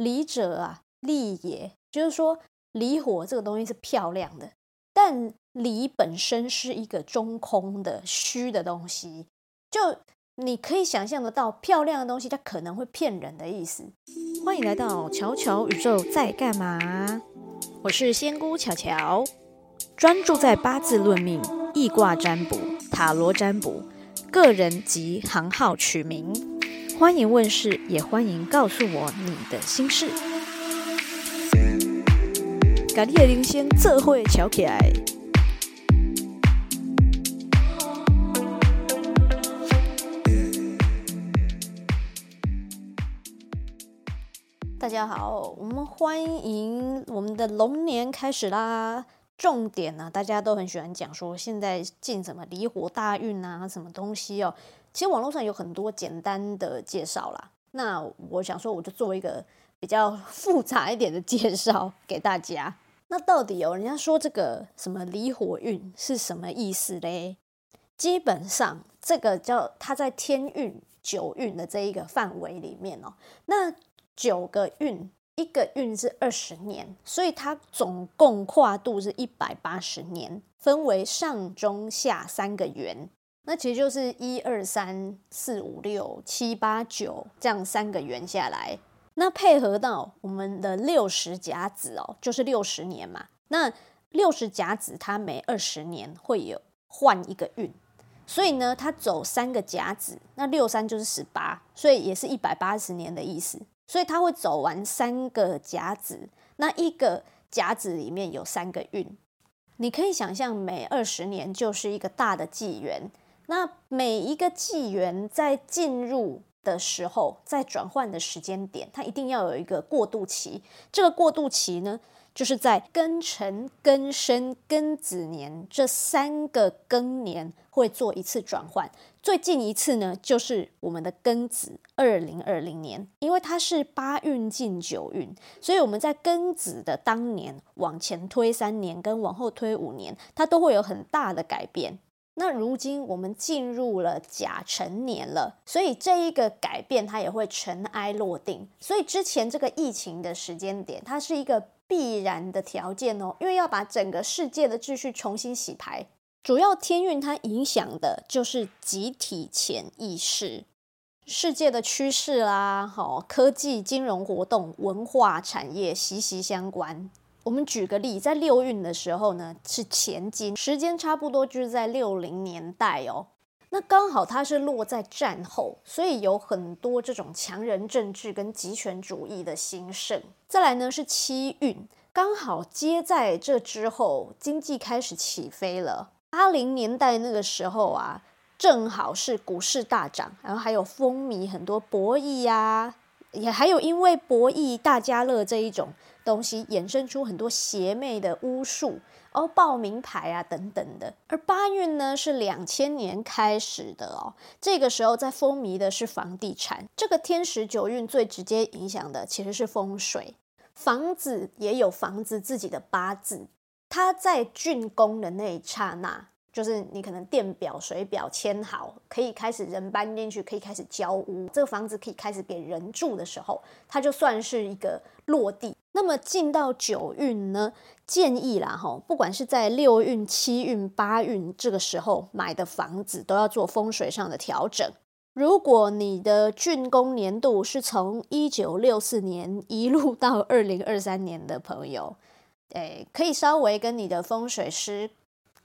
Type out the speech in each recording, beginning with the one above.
離者啊，麗也，就是說，離火這個東西是漂亮的，但離本身是一個中空的虛的東西，就你可以想象得到，漂亮的東西它可能會騙人的意思。歡迎來到巧巧宇宙在幹嘛？我是仙姑巧巧，專注在八字論命、易卦占卜、塔羅占卜、個人及行號取名。歡迎問世，也歡迎告訴我你的心事。感謝靈仙，智慧超可愛。大家好，我們歡迎我們的龍年開始啦！重點呢、啊，大家都很喜歡講說，現在進什麼離火大運啊，什麼東西哦。其實網絡上有很多簡單的介紹啦，那我想說，我就做一個比較複雜一點的介紹給大家。那到底有、哦、人家說這個什麼離火運是什麼意思嘞？基本上這個叫它在天運九運的這一個範圍裡面哦，那九個運一個運是二十年，所以它總共跨度是一百八十年，分為上中下三個元。那其實就是一二三四五六七八九這樣三個元下來，那配合到我們的六十甲子哦，就是六十年嘛。那六十甲子它每二十年會有換一個運，所以呢，它走三個甲子，那六三就是十八，所以也是一百八十年的意思。所以它會走完三個甲子，那一個甲子裡面有三個運，你可以想象，每二十年就是一個大的紀元。那每一個紀元在進入的時候，在轉換的時間點，它一定要有一個過渡期。這個過渡期呢，就是在庚辰、庚申、庚子年這三個庚年會做一次轉換。最近一次呢，就是我們的庚子二零二零年，因為它是八運進九運，所以我們在庚子的當年往前推三年，跟往後推五年，它都會有很大的改變。那如今我們進入了甲辰年了，所以這一個改變它也會塵埃落定。所以之前這個疫情的時間點，它是一個必然的條件哦，因為要把整個世界的秩序重新洗牌，主要天運它影響的就是集體潛意識、世界的趨勢啦、啊哦，科技、金融活動、文化產業息息相關。我們舉個例，在六運的時候呢，是乾金，時間差不多就是在六零年代哦。那剛好它是落在戰後，所以有很多這種強人政治跟極權主義的興盛。再來呢是七運，剛好接在這之後，經濟開始起飛了。八零年代那個時候啊，正好是股市大漲，然後還有風靡很多博弈啊，也還有因為博弈大家樂這一種。東西衍生出很多邪魅的巫術，哦，報名牌啊等等的。而八運呢是兩千年開始的哦，這個時候在風靡的是房地產。這個天時九運最直接影響的其實是風水，房子也有房子自己的八字。它在竣工的那一剎那，就是你可能電表、水表簽好，可以開始人搬進去，可以開始交屋，這個房子可以開始給人住的時候，它就算是一個落地。那麼進到九運呢，建議啦吼，不管是在六運、七運、八運這個時候買的房子，都要做風水上的調整。如果你的竣工年度是從一九六四年一路到二零二三年的朋友，誒，可以稍微跟你的風水師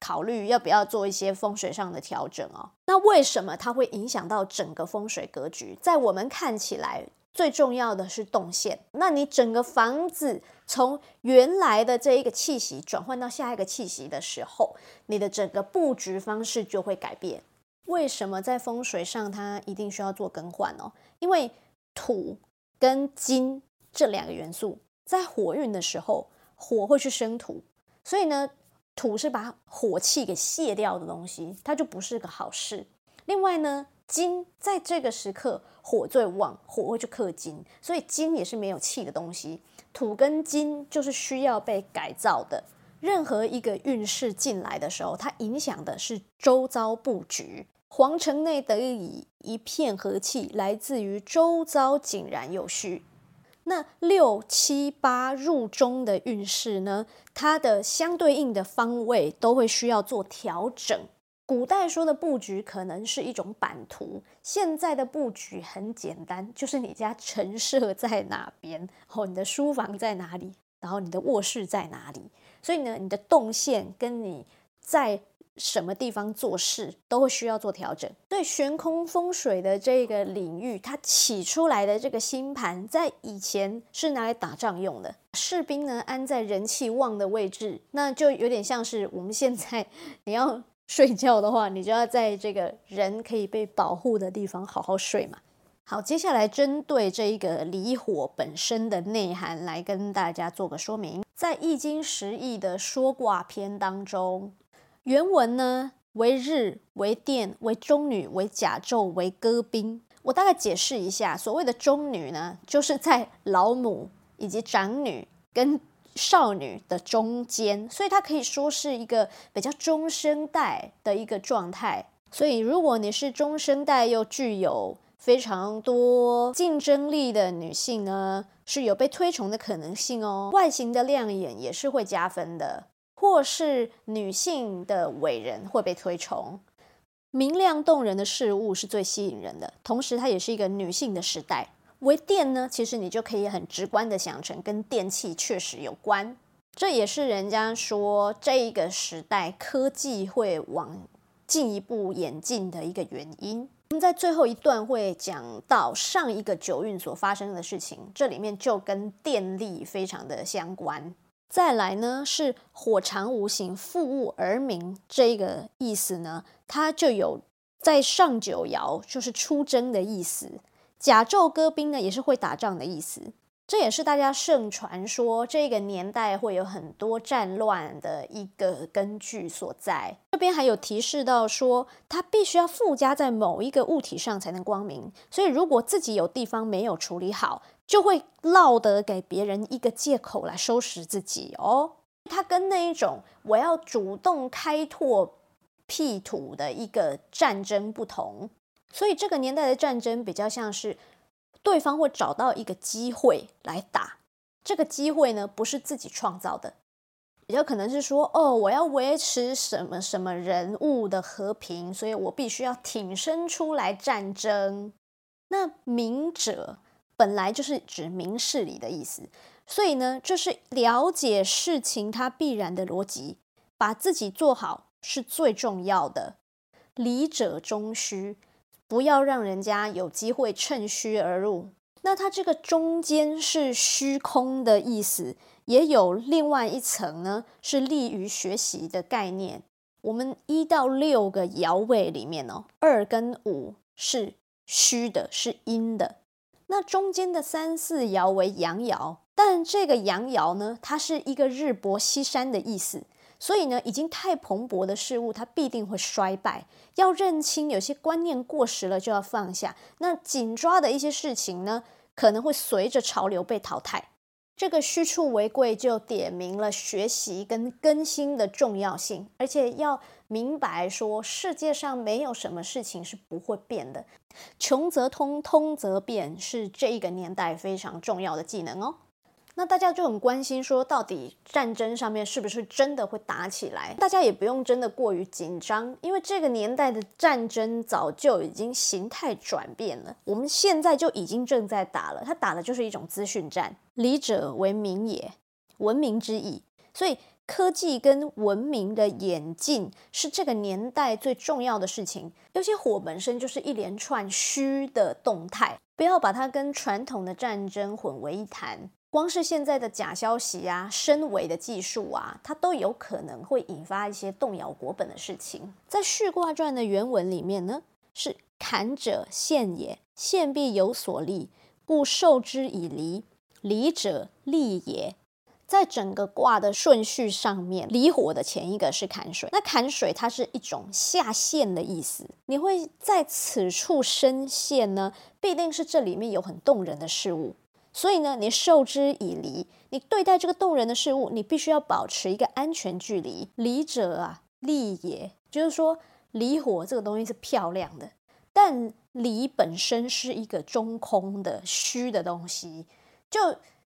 考慮要不要做一些風水上的調整哦。那為什麼它會影響到整個風水格局？在我們看起來。最重要的是動線，那你整個房子從原來的這一個氣息轉換到下一個氣息的時候，你的整個布局方式就會改變。為什麼在風水上它一定需要做更換哦？因為土跟金這兩個元素在火運的時候，火會去生土，所以呢，土是把火氣給卸掉的東西，它就不是個好事。另外呢。金在這個時刻火最旺，火會去克金，所以金也是沒有氣的東西。土跟金就是需要被改造的。任何一個運勢進來的時候，它影響的是周遭布局。皇城內得以一片和氣，來自於周遭井然有序。那六七八入中的運勢呢？它的相對應的方位都會需要做調整。古代說的布局可能是一種版圖，現在的布局很簡單，就是你家陳設在哪邊，然後你的書房在哪裡，然後你的臥室在哪裡。所以呢，你的動線跟你在什麼地方做事都會需要做調整。所以玄空風水的這個領域，它起出來的這個星盤，在以前是拿來打仗用的，士兵呢安在人氣旺的位置，那就有點像是我們現在你要。睡覺的話，你就要在這個人可以被保護的地方好好睡嘛。好，接下來針對這一個離火本身的內涵來跟大家做個說明。在《易經十翼》的說卦篇當中，原文呢為日、為電、為中女、為甲胄、為戈兵。我大概解釋一下，所謂的中女呢，就是在老母以及長女跟。少女的中間，所以它可以說是一個比較中生代的一個狀態。所以，如果你是中生代又具有非常多競爭力的女性呢，是有被推崇的可能性哦。外形的亮眼也是會加分的，或是女性的偉人會被推崇。明亮動人的事物是最吸引人的，同時它也是一個女性的時代。為電呢，其實你就可以很直觀的想成跟電器確實有關，這也是人家說這一個時代科技會往進一步演進的一個原因。我們在最後一段會講到上一個九運所發生的事情，這裡面就跟電力非常的相關。再來呢是“火長無形，附物而明”這一個意思呢，它就有在上九爻就是出征的意思。甲胄戈兵呢，也是會打仗的意思。這也是大家盛傳說這個年代會有很多戰亂的一個根據所在。這邊還有提示到說，它必須要附加在某一個物體上才能光明。所以，如果自己有地方沒有處理好，就會落得給別人一個借口來收拾自己哦。它跟那一種我要主動開拓闢土的一個戰爭不同。所以這個年代的戰爭比較像是，對方會找到一個機會來打，這個機會呢不是自己創造的，比較可能是說哦，我要維持什麼什麼人物的和平，所以我必須要挺身出來戰爭。那明者本來就是指明事理的意思，所以呢，就是了解事情它必然的邏輯，把自己做好是最重要的。理者終需。不要讓人家有機會趁虛而入。那它這個中間是虛空的意思，也有另外一層呢，是利於學習的概念。我們一到六個爻位裡面哦，二跟五是虛的，是陰的。那中間的三四爻為陽爻，但這個陽爻呢，它是一個日薄西山的意思。所以呢，已經太蓬勃的事物，它必定會衰敗。要認清有些觀念過時了，就要放下。那緊抓的一些事情呢，可能會隨着潮流被淘汰。這個虛處為貴，就點明了學習跟更新的重要性。而且要明白說，世界上沒有什麼事情是不會變的。窮則通，通則變，是這一個年代非常重要的技能哦。那大家就很關心，說到底戰爭上面是不是真的會打起來？大家也不用真的過於緊張，因為這個年代的戰爭早就已經形態轉變了。我們現在就已經正在打了，它打的就是一種資訊戰，離者為明也，文明之義。所以科技跟文明的演進是這個年代最重要的事情。尤其火本身就是一連串虛的動態，不要把它跟傳統的戰爭混為一談。光是現在的假消息啊，深偽的技術啊，它都有可能會引發一些動搖國本的事情。在《序卦傳》的原文裡面呢，是坎者陷也，陷必有所利，故受之以離。離者利也。在整個卦的順序上面，離火的前一個是坎水，那坎水它是一種下陷的意思。你會在此處深陷呢，必定是這裡面有很動人的事物。所以呢，你受之以離，你對待這個動人的事物，你必須要保持一個安全距離。離者啊，麗也，就是說，離火這個東西是漂亮的，但離本身是一個中空的虛的東西，就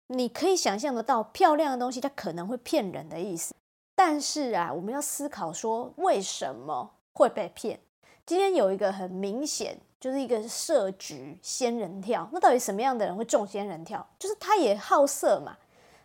你可以想象得到，漂亮的東西它可能會騙人的意思。但是啊，我們要思考說，為什麼會被騙？今天有一個很明顯。就是一個設局仙人跳，那到底什麼樣的人會中仙人跳？就是他也好色嘛，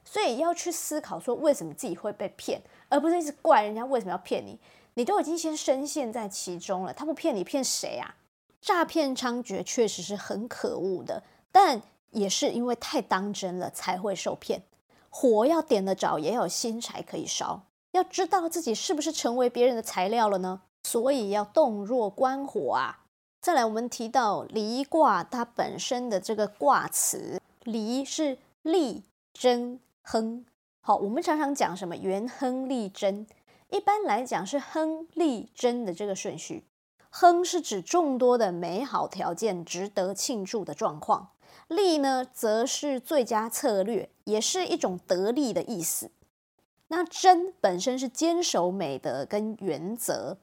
所以要去思考說為什麼自己會被騙，而不是一直怪人家為什麼要騙你。你都已經先深陷在其中了，他不騙你騙誰啊？詐騙猖獗確實是很可惡的，但也是因為太當真了才會受騙。火要點得着，也要有新柴可以燒。要知道自己是不是成為別人的材料了呢？所以要洞若觀火啊！再來，我們提到離卦，它本身的這個卦辭，離是利貞亨。好，我們常常講什麼？元亨利貞。一般來講是亨利貞的這個順序。亨是指眾多的美好條件，值得慶祝的狀況。利呢，則是最佳策略，也是一種得利的意思。那貞本身是堅守美德跟原則。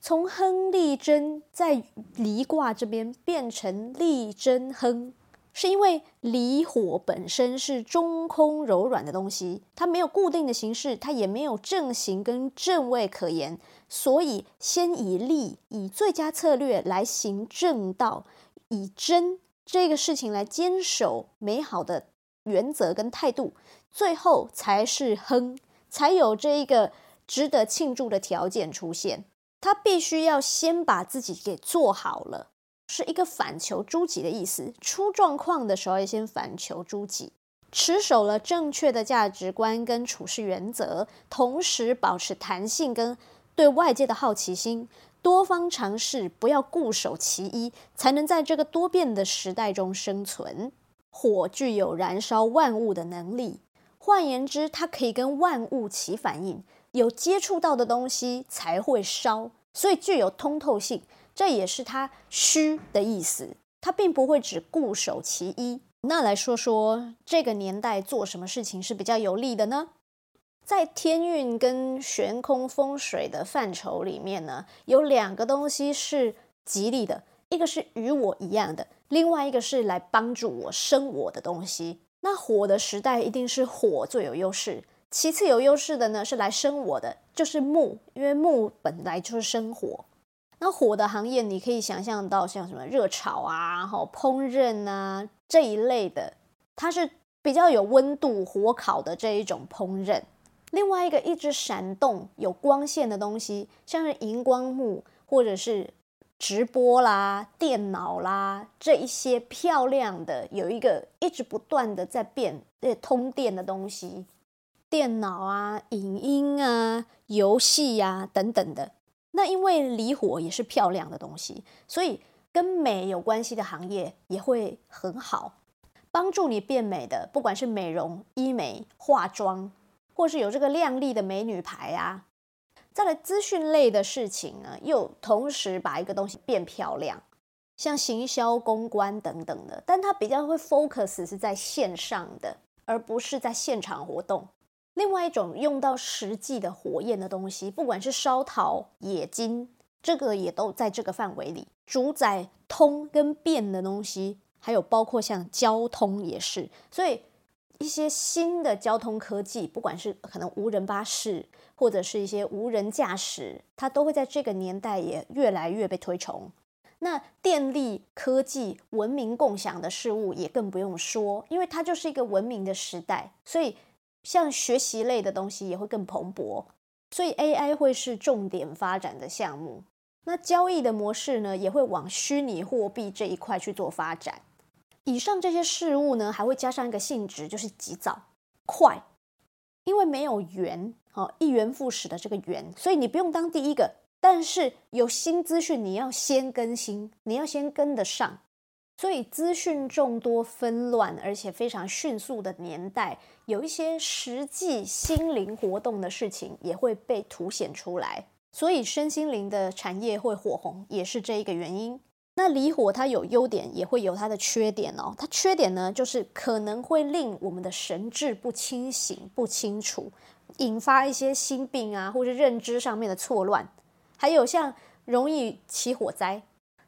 從亨利貞，在離卦這邊變成利貞亨，是因為離火本身是中空柔軟的東西，它沒有固定的形式，它也沒有正形跟正位可言，所以先以利，以最佳策略來行正道，以貞這個事情來堅守美好的原則跟態度，最後才是亨，才有這一個值得慶祝的條件出現。他必須要先把自己給做好了，是一個反求諸己的意思。出狀況的時候要先反求諸己，持守了正確的價值觀跟處事原則，同時保持彈性跟對外界的好奇心，多方嘗試，不要固守其一，才能在這個多變的時代中生存。火具有燃燒萬物的能力，換言之，它可以跟萬物起反應。有接觸到的東西才會燒，所以具有通透性，這也是它虛的意思。它並不會只固守其一。那來說說這個年代做什麼事情是比較有利的呢？在天運跟玄空風水的範疇裡面呢，有兩個東西是吉利的，一個是與我一樣的，另外一個是來幫助我生我的東西。那火的時代一定是火最有優勢。其次有優勢的呢，是來生我的，就是木，因為木本來就是生火。那火的行業，你可以想象到像什麼熱炒啊、然後烹飪啊這一類的，它是比較有溫度、火烤的這一種烹飪。另外一個一直閃動、有光線的東西，像是熒光幕或者是直播啦、電腦啦、這一些漂亮的，有一個一直不斷的在變、通電的東西。電腦啊、影音啊、遊戲呀、啊、等等的，那因為離火也是漂亮的東西，所以跟美有關係的行業也會很好，幫助你變美的，不管是美容、醫美、化妝，或是有這個靚麗的美女牌啊。再來資訊類的事情呢，又同時把一個東西變漂亮，像行銷、公關等等的，但它比較會 focus 是在線上的，而不是在現場活動。另外一種用到實際的火焰的東西，不管是燒陶、冶金，這個也都在這個範圍裡。主宰通跟變的東西，還有包括像交通也是，所以一些新的交通科技，不管是可能無人巴士，或者是一些無人駕駛，它都會在這個年代也越來越被推崇。那電力、科技、文明共享的事物也更不用說，因為它就是一個文明的時代，所以。像學習類的東西也會更蓬勃，所以 AI 會是重點發展的項目。那交易的模式呢，也會往虛擬貨幣這一塊去做發展。以上這些事物呢，還會加上一個性質，就是急躁、快，因為沒有元，哦，一元復始的這個元，所以你不用當第一個，但是有新資訊你要先更新，你要先跟得上。所以資訊眾多紛亂，而且非常迅速的年代，有一些實際心靈活動的事情也會被凸顯出來。所以身心靈的產業會火紅，也是這一個原因。那離火它有優點，也會有它的缺點哦。它缺點呢，就是可能會令我們的神智不清醒、不清楚，引發一些心病啊，或是認知上面的錯亂，還有像容易起火災，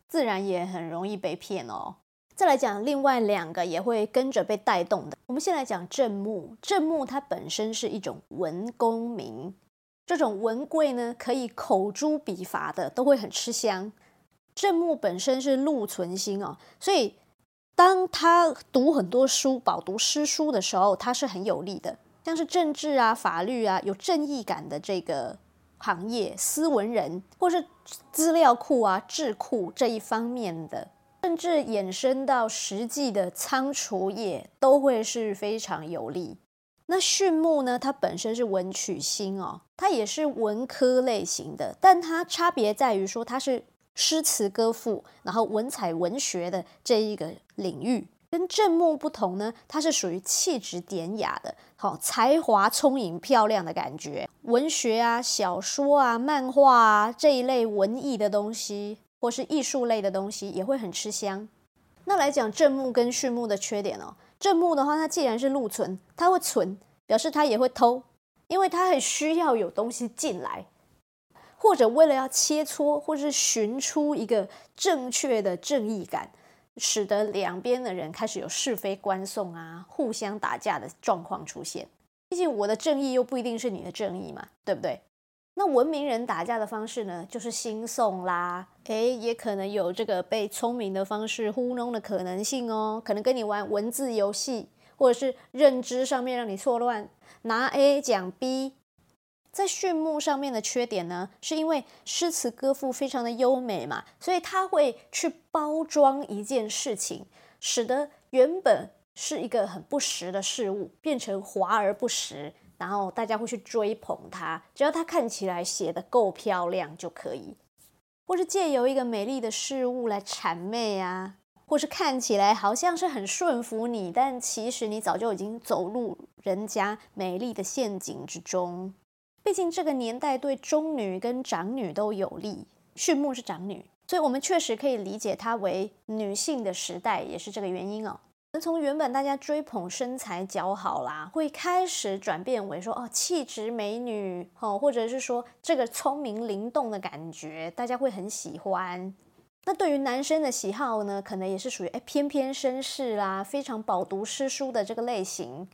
自然也很容易被騙哦。再來講另外兩個也會跟着被帶動的。我們先來講正木，正木它本身是一種文功名，這種文貴呢，可以口誅筆伐的都會很吃香。正木本身是祿存星哦，所以當他讀很多書、飽讀詩書的時候，他是很有利的。像是政治啊、法律啊、有正義感的這個行業，斯文人或是資料庫啊、智庫這一方面的。甚至衍生到實際的倉儲業都會是非常有利。那巽木呢？它本身是文曲星哦，它也是文科類型的，但它差別在於說它是詩詞歌賦，然後文采文學的這一個領域，跟震木不同呢，它是屬於氣質典雅的，好、哦、才華聰穎漂亮的感覺，文學啊、小說啊、漫畫啊這一類文藝的東西。或是藝術類的東西也會很吃香。那來講正木跟巽木的缺點哦、喔，正木的話，它既然是祿存，它會存，表示它也會偷，因為它很需要有東西進來，或者為了要切磋，或是尋出一個正確的正義感，使得兩邊的人開始有是非觀送啊，互相打架的狀況出現。畢竟我的正義又不一定是你的正義嘛，對不對？那文明人打架的方式呢，就是興訟啦，誒，也可能有這個被聰明的方式糊弄的可能性哦，可能跟你玩文字遊戲，或者是認知上面讓你錯亂，拿 A 講 B。在序幕上面的缺點呢，是因為詩詞歌賦非常的優美嘛，所以他會去包裝一件事情，使得原本是一個很不實的事物，變成華而不實。然後大家會去追捧它，只要它看起來寫得夠漂亮就可以，或是借由一個美麗的事物來諂媚啊，或是看起來好像是很順服你，但其實你早就已經走入人家美麗的陷阱之中。畢竟這個年代對中女跟長女都有利，巽木是長女，所以我們確實可以理解它為女性的時代，也是這個原因哦。能從原本大家追捧身材姣好啦，會開始轉變為說哦，氣質美女哦，或者是說這個聰明靈動的感覺，大家會很喜歡。那對於男生的喜好呢，可能也是屬於哎翩翩紳士啦，非常飽讀詩書的這個類型，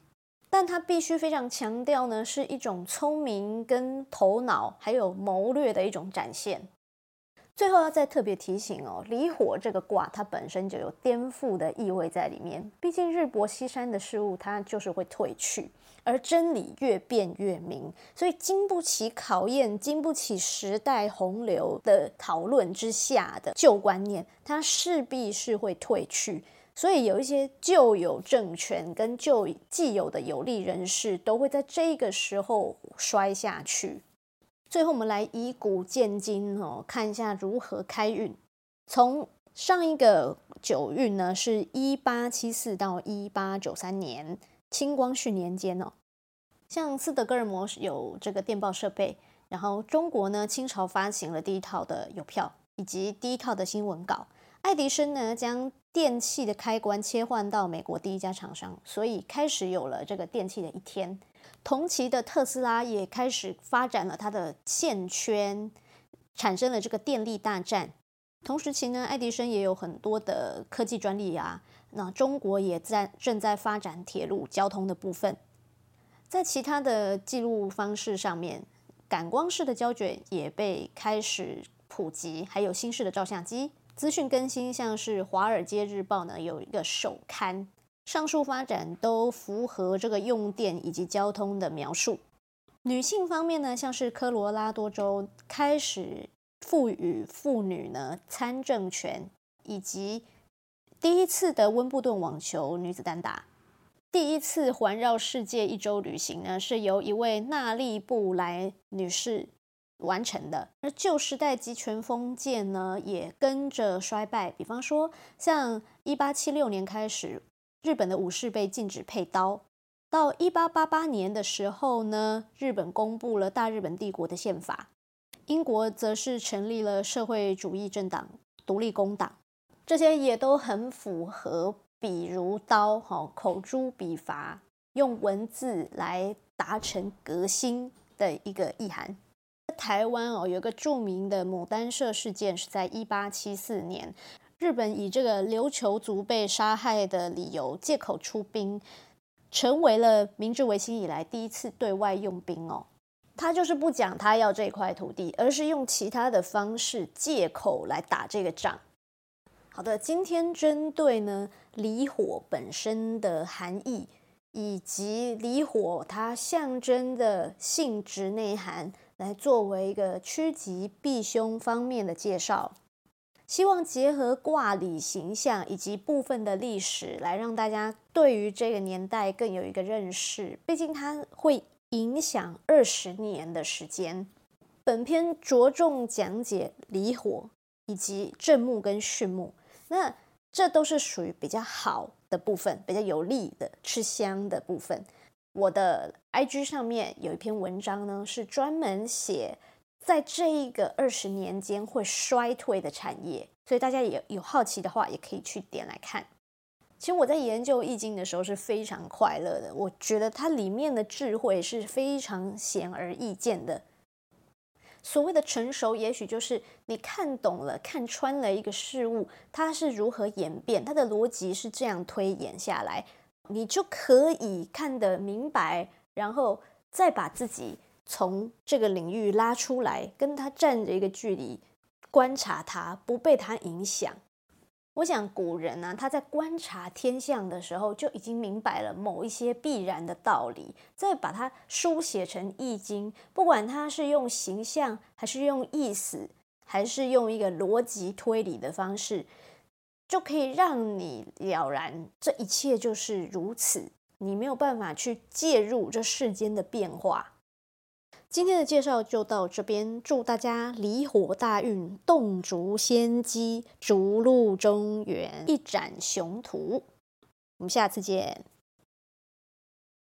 但他必須非常強調呢，是一種聰明跟頭腦還有謀略的一種展現。最後要再特別提醒哦，離火這個卦它本身就有顛覆的意味在裡面。畢竟日薄西山的事物，它就是會退去；而真理越辯越明，所以經不起考驗、經不起時代洪流的討論之下的舊觀念，它勢必是會退去。所以有一些舊有政權跟舊既有的有利人士，都會在這個時候摔下去。最後，我們來以古鑑今哦，看一下如何開運。從上一個九運呢，是一八七四到一八九三年，清光緒年間哦。像斯德哥爾摩有這個電報設備，然後中國呢，清朝發行了第一套的郵票以及第一套的新聞稿。愛迪生呢，將電器的開關切換到美國第一家廠商，所以開始有了這個電器的一天。同期的特斯拉也開始發展了他的線圈，產生了這個電力大戰。同時期呢，愛迪生也有很多的科技專利啊。那中國也在正在發展鐵路交通的部分。在其他的記錄方式上面，感光式的膠卷也被開始普及，還有新式的照相機。資訊更新，像是《華爾街日報》呢有一個首刊。上述發展都符合這個用電以及交通的描述。女性方面呢，像是科羅拉多州開始賦予婦女呢參政權，以及第一次的溫布頓網球女子單打，第一次環繞世界一周旅行呢是由一位娜麗布萊女士完成的。而舊時代集權封建呢也跟着衰敗，比方說像一八七六年開始。日本的武士被禁止配刀。到一八八八年的時候呢，日本公布了大日本帝國的憲法。英國則是成立了社會主義政黨——獨立工黨。這些也都很符合，比如刀口誅筆伐，用文字來達成革新的一個意涵。台灣哦，有個著名的牡丹社事件，是在一八七四年。日本以這個琉球族被殺害的理由借口出兵，成為了明治維新以來第一次對外用兵哦。他就是不講他要這塊土地，而是用其他的方式借口來打這個仗。好的，今天針對呢，離火本身的含義，以及離火它象徵的性質內涵，來作為一個趨吉避凶方面的介紹。希望結合卦理、形象以及部分的歷史，來讓大家對於這個年代更有一個認識。畢竟它會影響二十年的時間。本篇着重講解離火以及正木跟巽木，那這都是屬於比較好的部分，比較有利的、吃香的部分。我的 IG 上面有一篇文章呢，是專門寫。在這一個二十年間會衰退的產業，所以大家也有好奇的話，也可以去點來看。其實我在研究《易經》的時候是非常快樂的，我覺得它裡面的智慧是非常顯而易見的。所謂的成熟，也許就是你看懂了、看穿了一個事物，它是如何演變，它的邏輯是這樣推演下來，你就可以看得明白，然後再把自己。從這個領域拉出來，跟他站着一個距離，觀察他，不被他影響。我想古人啊，他在觀察天象的時候，就已經明白了某一些必然的道理，再把它書寫成《易經》，不管他是用形象，還是用意思，還是用一個邏輯推理的方式，就可以讓你了然，這一切就是如此，你沒有辦法去介入這世間的變化。今天的介紹就到這邊，祝大家離火大運，洞燭先機，逐鹿中原，一展雄圖。我們下次見。